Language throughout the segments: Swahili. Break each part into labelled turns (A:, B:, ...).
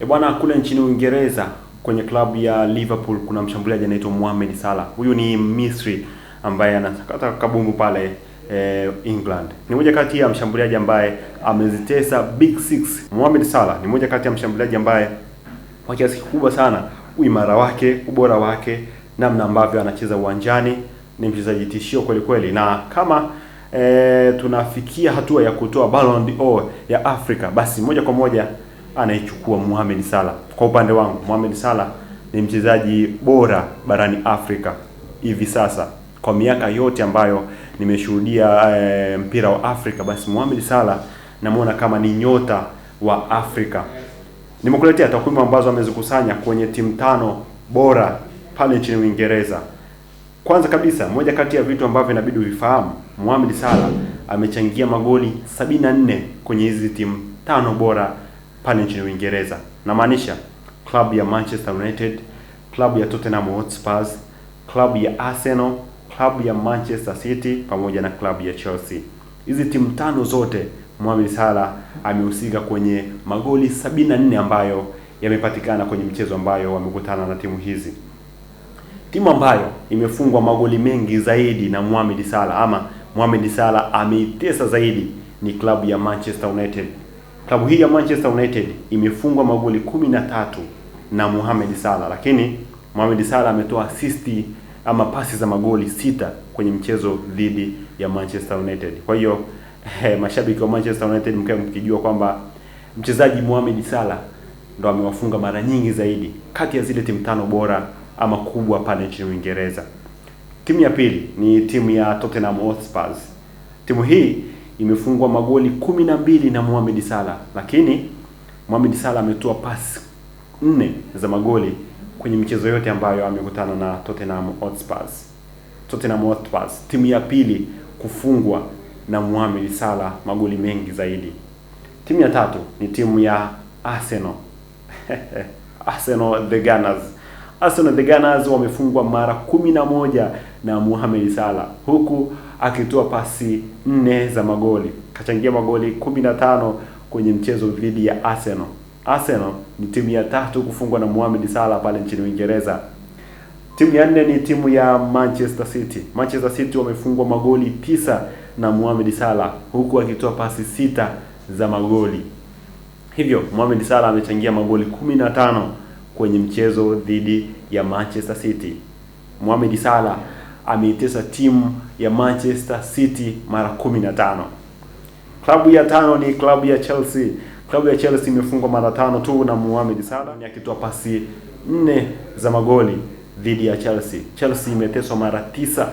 A: E bwana, kule nchini Uingereza kwenye klabu ya Liverpool kuna mshambuliaji anaitwa Mohamed Salah. Huyu ni Misri ambaye anasakata kabumbu pale eh, England. Ni moja kati ya mshambuliaji ambaye amezitesa Big Six. Mohamed Salah ni moja kati ya mshambuliaji ambaye kwa kiasi kikubwa sana uimara wake, ubora wake, namna ambavyo anacheza uwanjani ni mchezaji tishio kweli kweli, na kama eh, tunafikia hatua ya kutoa Ballon d'Or ya Afrika, basi moja kwa moja anaichukua Mohamed Salah. Kwa upande wangu, Mohamed Salah ni mchezaji bora barani Afrika hivi sasa. Kwa miaka yote ambayo nimeshuhudia e, mpira wa Afrika, basi Mohamed Salah namuona kama ni nyota wa Afrika. Nimekuletea takwimu ambazo amezikusanya kwenye timu tano bora pale nchini Uingereza. Kwanza kabisa, moja kati ya vitu ambavyo inabidi uvifahamu, Mohamed Salah amechangia magoli 74 kwenye hizi timu tano bora pale nchini Uingereza, namaanisha klabu ya Manchester United, klabu ya Tottenham Hotspur, klabu ya Arsenal, klabu ya Manchester City pamoja na klabu ya Chelsea. Hizi timu tano zote Mohamed Salah amehusika kwenye magoli 74 ambayo yamepatikana kwenye mchezo ambayo wamekutana na timu hizi. Timu ambayo imefungwa magoli mengi zaidi na Mohamed Salah ama Mohamed Salah ameitesa zaidi ni klabu ya Manchester United klabu hii ya Manchester United imefungwa magoli kumi na tatu na Mohamed Salah, lakini Mohamed Salah ametoa asisti ama pasi za magoli sita kwenye mchezo dhidi ya Manchester United. Kwa hiyo eh, mashabiki wa Manchester United mkae mkijua kwamba mchezaji Mohamed Salah ndo amewafunga mara nyingi zaidi kati ya zile timu tano bora ama kubwa pale nchini Uingereza. Timu ya pili ni timu ya Tottenham Hotspur. Timu hii imefungwa magoli kumi na mbili na Mohamed Salah, lakini Mohamed Salah ametoa pasi nne za magoli kwenye michezo yote ambayo amekutana na Tottenham Hotspur. Tottenham Hotspur timu ya pili kufungwa na Mohamed Salah magoli mengi zaidi. Timu ya tatu ni timu ya Arsenal Arsenal the Gunners Arsenal the Gunners wamefungwa mara kumi na moja na Mohamed Salah huku akitoa pasi nne za magoli, kachangia magoli tano kwenye mchezo dhidi ya Arsenal. Arsenal ni timu ya tatu kufungwa na Mohamed Salah pale nchini Uingereza. Timu ya nne ni timu ya Manchester City. Manchester City wamefungwa magoli tisa na Mohamed Salah huku akitoa pasi sita za magoli. Hivyo Mohamed Salah amechangia magoli 15 kwenye mchezo dhidi ya Manchester City. Mohamed Salah ameitesa timu ya Manchester City mara 15. Klabu ya tano ni klabu ya Chelsea. Klabu ya Chelsea imefungwa mara tano tu na Mohamed Salah akitoa pasi nne za magoli dhidi ya Chelsea. Chelsea imeteswa mara tisa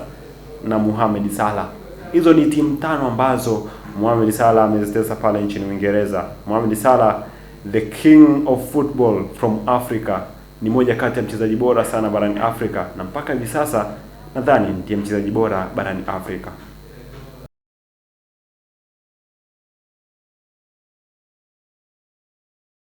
A: na Mohamed Salah. Hizo ni timu tano ambazo Mohamed Salah amezitesa pale nchini Uingereza. Mohamed Salah the king of football from Africa, ni moja kati ya mchezaji bora sana barani Afrika na mpaka hivi sasa nadhani ndiye mchezaji bora barani Afrika.